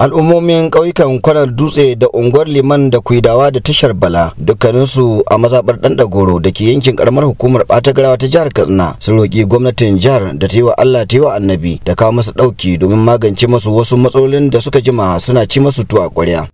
al'ummomin ƙauyukan kwanar dutse da unguwar liman da kuidawa da tashar bala dukkaninsu a mazaɓar ɗanɗan-goro da ke yankin ƙaramar hukumar ɓatagarawa ta jihar katsina sun roƙi gwamnatin jihar da ta yi wa allah ta yi wa annabi ta kawo masu ɗauki domin magance masu wasu matsalolin da suka jima suna ci masu tuwa ƙwarya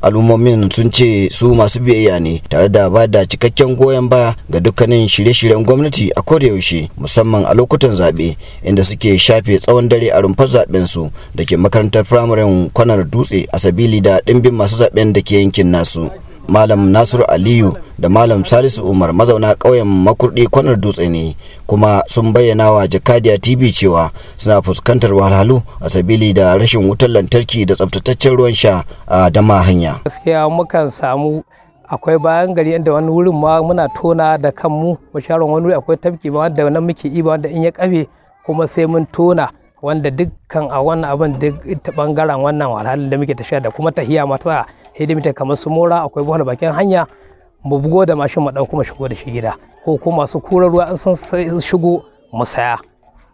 al'ummomin sun ce su masu biyayya ne tare da ba da cikakken goyon baya ga dukkanin shirye-shiryen gwamnati a kodayaushe musamman a lokutan zaɓe inda suke shafe tsawon dare a rumfar zaɓen su da ke makarantar firamaren kwanar dutse a sabili da ɗimbin masu zaɓen da ke yankin nasu. malam nasiru aliyu da malam salisu umar mazauna ƙauyen makurdi kwanar dutse ne kuma sun bayyana wa jakadiya tv cewa suna fuskantar wahalhalu a sabili da rashin wutar lantarki da tsabtataccen ruwan sha a dama hanya gaskiya mukan samu akwai bayan gari inda wani wurin ma muna tona da kanmu mu sharon wani wuri akwai tafki ba wanda nan muke iba wanda in ya kafe kuma sai mun tona wanda dukkan a wannan abin duk ta bangaren wannan wahalhalun da muke tasha da kuma tahiya mata hidimta kamar su mora akwai buhar bakin hanya mu bugo da mashin mu dan kuma shigo da shi gida ko ko masu kura ruwa in sun shigo mu saya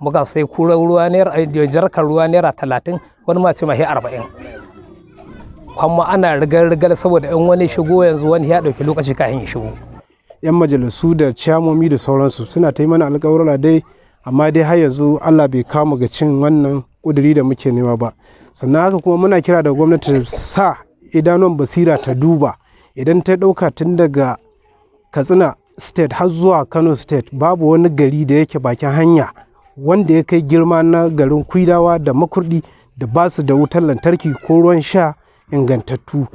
muka sai kura ruwa naira eh, jarkar ruwa naira talatin wani ma ce ma arba'in kuma ana rigar-rigar saboda in wani shigo yanzu wani ya ɗauki lokaci kafin ya shigo. 'Yan majalisu da ciyamomi da sauransu suna ta yi mana alƙawarra dai amma dai har yanzu Allah bai kama ga cin wannan ƙuduri da muke nema ba. Sannan haka kuma muna kira da gwamnati sa idanon basira ta duba idan ta dauka tun daga katsina state har zuwa kano state babu wani gari da yake bakin hanya wanda ya kai girma na garin kuidawa da makurdi da basu da wutar lantarki ko ruwan sha ingantattu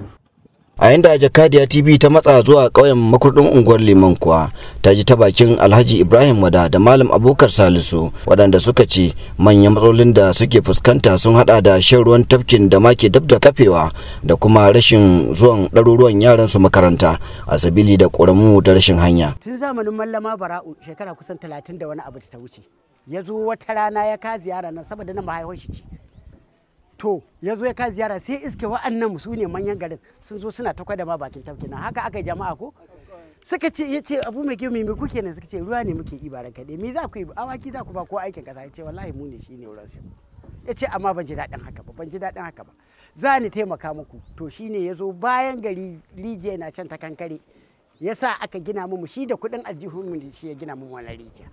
a yanda jakadiya tv ta matsa zuwa ƙauyen makurdin unguwar liman kuwa ta ji ta bakin alhaji ibrahim wada da malam abokar salisu waɗanda suka ce manyan matsalolin da suke fuskanta sun hada da shan ruwan tafkin da make dab da kafewa da kuma rashin zuwan ɗaruruwan yaran su makaranta a sabili da ƙoramu da rashin hanya tun zamanin mallama bara'u shekara kusan talatin da wani abu ta wuce ya zo wata rana ya ka ziyara nan saboda na mahaifin ce. to ya zo ya ka ziyara sai iske wa'annan su ne manyan garin sun zo suna ta kwada ma bakin tafki na haka aka jama'a ko suka ce ya ce abu mai gimi mai kuke ne suka ce ruwa ne muke ibara kaɗai me za ku yi awaki za ku ba ko aikin kasa ya ce wallahi mu ne shi ne wurin ya ce amma ban ji daɗin haka ba ban ji daɗin haka ba za ni taimaka muku to shine ya zo bayan gari rijiya na can ta kankare ya sa aka gina mu shi da kuɗin aljihun mu shi ya gina mu wannan rijiya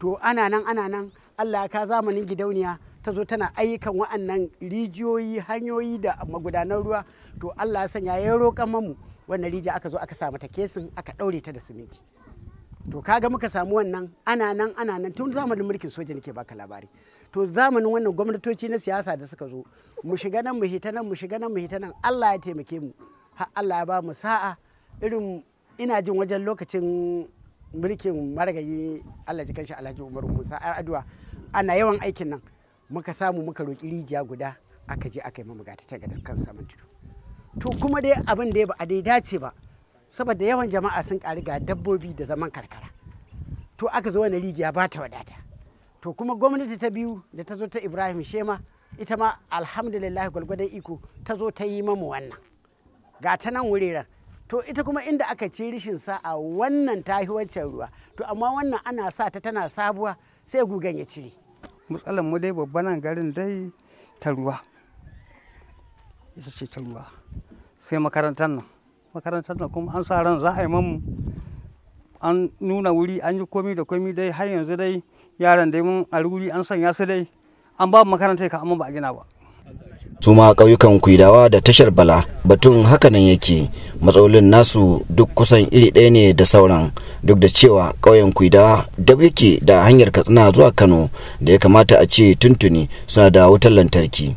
to ana nan ana nan allah ka zamanin gidauniya ta zo tana ayyukan wa'annan rijiyoyi hanyoyi da magudanar ruwa to allah sanya ya roƙan mamu wannan rijiya aka zo aka samu ta kesin aka ɗaure ta da siminti to kaga muka samu wannan ana nan ana nan tun zamanin mulkin soja nake baka labari to zamanin wannan gwamnatoci na siyasa da suka zo mu shiga nan mu hita nan mu shiga nan mu hita nan Allah ya taimake mu har Allah ya ba mu sa'a irin ina jin wajen lokacin mulkin maragayi Allah ji kanshi Alhaji Umar Musa ar aduwa ana yawan aikin nan muka samu muka roki rijiya guda aka je aka yi mu gata ta kan saman tudu to kuma dai abin da ya ba a dai dace ba saboda yawan jama'a sun ƙari ga dabbobi da zaman karkara to aka zo wani rijiya ba ta wadata to kuma gwamnati ta biyu da ta zo ta Ibrahim Shema ita ma alhamdulillah gwalgwadon iko ta zo ta yi mamu wannan ga ta nan wuraren to ita kuma inda aka ci rishin sa'a wannan tahi wancan ruwa to amma wannan ana sa ta tana sabuwa sai gugan ya cire matsalar mu dai babban nan garin dai ta ruwa ita ce ta ruwa sai makarantar nan makarantar nan kuma an sa ran za a yi mamu an nuna wuri an yi komi da komi dai har yanzu dai yaran dai mun a wuri an sanya su dai an ba makarantar ka amma ba a gina ba suma ƙauyukan kuidawa da tashar bala batun hakanan yake matsalolin nasu duk kusan iri ɗaya ne da sauran duk da cewa ƙauyen kuidawa da yake da hanyar katsina zuwa kano da ya kamata a ce tuntuni suna da wutar lantarki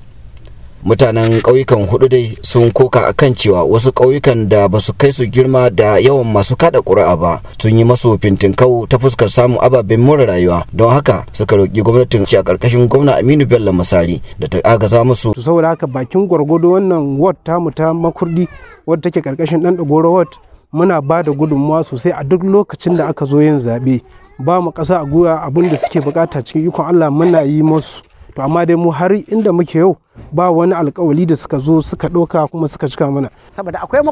mutanen ƙauyukan hudu dai sun koka kan cewa wasu ƙauyukan da ba su kai su girma da yawan masu kada ƙuri'a ba sun yi masu fintin fintinkau ta fuskar samun ababen more rayuwa don haka suka roƙi gwamnatin a ƙarƙashin gwamna aminu bello misali da ta agaza musu saboda haka bakin gwargwado wannan ward tamu ta makurdi wadda take ƙarƙashin ɗan dogoro ward muna ba da gudunmawa sosai a duk lokacin da aka zo yin zaɓe ba mu ƙasa a guya abin da suke bukata cikin ikon allah muna yi masu to amma dai mu har inda muke yau ba wani alkawali da suka zo suka doka kuma suka cika mana saboda akwai mu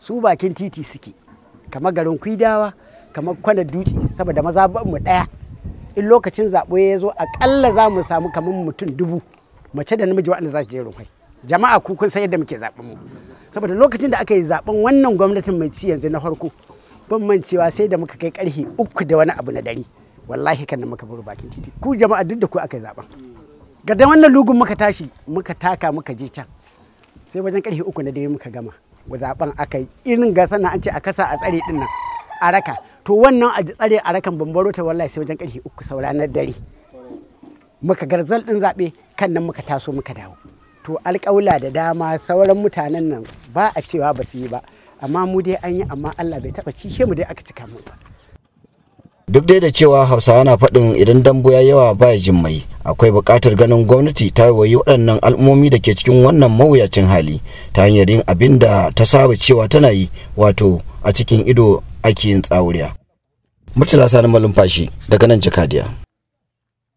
su bakin titi suke kamar garin kwidawa kamar kwana duci saboda maza mu ɗaya in lokacin zabo ya zo aƙalla za mu samu kamar mutum dubu mace da namiji waɗanda za su je rumfai jama'a ku kun san yadda muke zaɓen mu saboda lokacin da aka yi zaɓen wannan gwamnatin mai ci yanzu na farko ban mancewa sai da muka kai ƙarfe uku da wani abu na dare wallahi kan muka buru bakin titi ku jama'a duk da ku aka yi ga da wannan lugun muka tashi muka taka muka je can sai wajen karfe uku na dare muka gama zaɓen aka yi irin ga na an ce a kasa a tsare din nan a raka to wannan a tsare a rakan bambaro ta wallahi sai wajen karfe uku saura na dare muka garzal din zabe kan nan muka taso muka dawo to alƙawla da dama sauran mutanen nan ba a cewa ba su yi ba amma mu dai an yi amma Allah bai taba cishe mu dai aka cika mu ba duk dai da cewa hausawa na faɗin idan dambu ya yawa baya jin mai akwai buƙatar ganin gwamnati ta wayi waɗannan al'ummomi da ke cikin wannan mawuyacin hali ta hanyar yin abin da ta saba cewa tana yi wato a cikin ido ake yin tsauriya murtala sani malumfashi daga nan jakadiya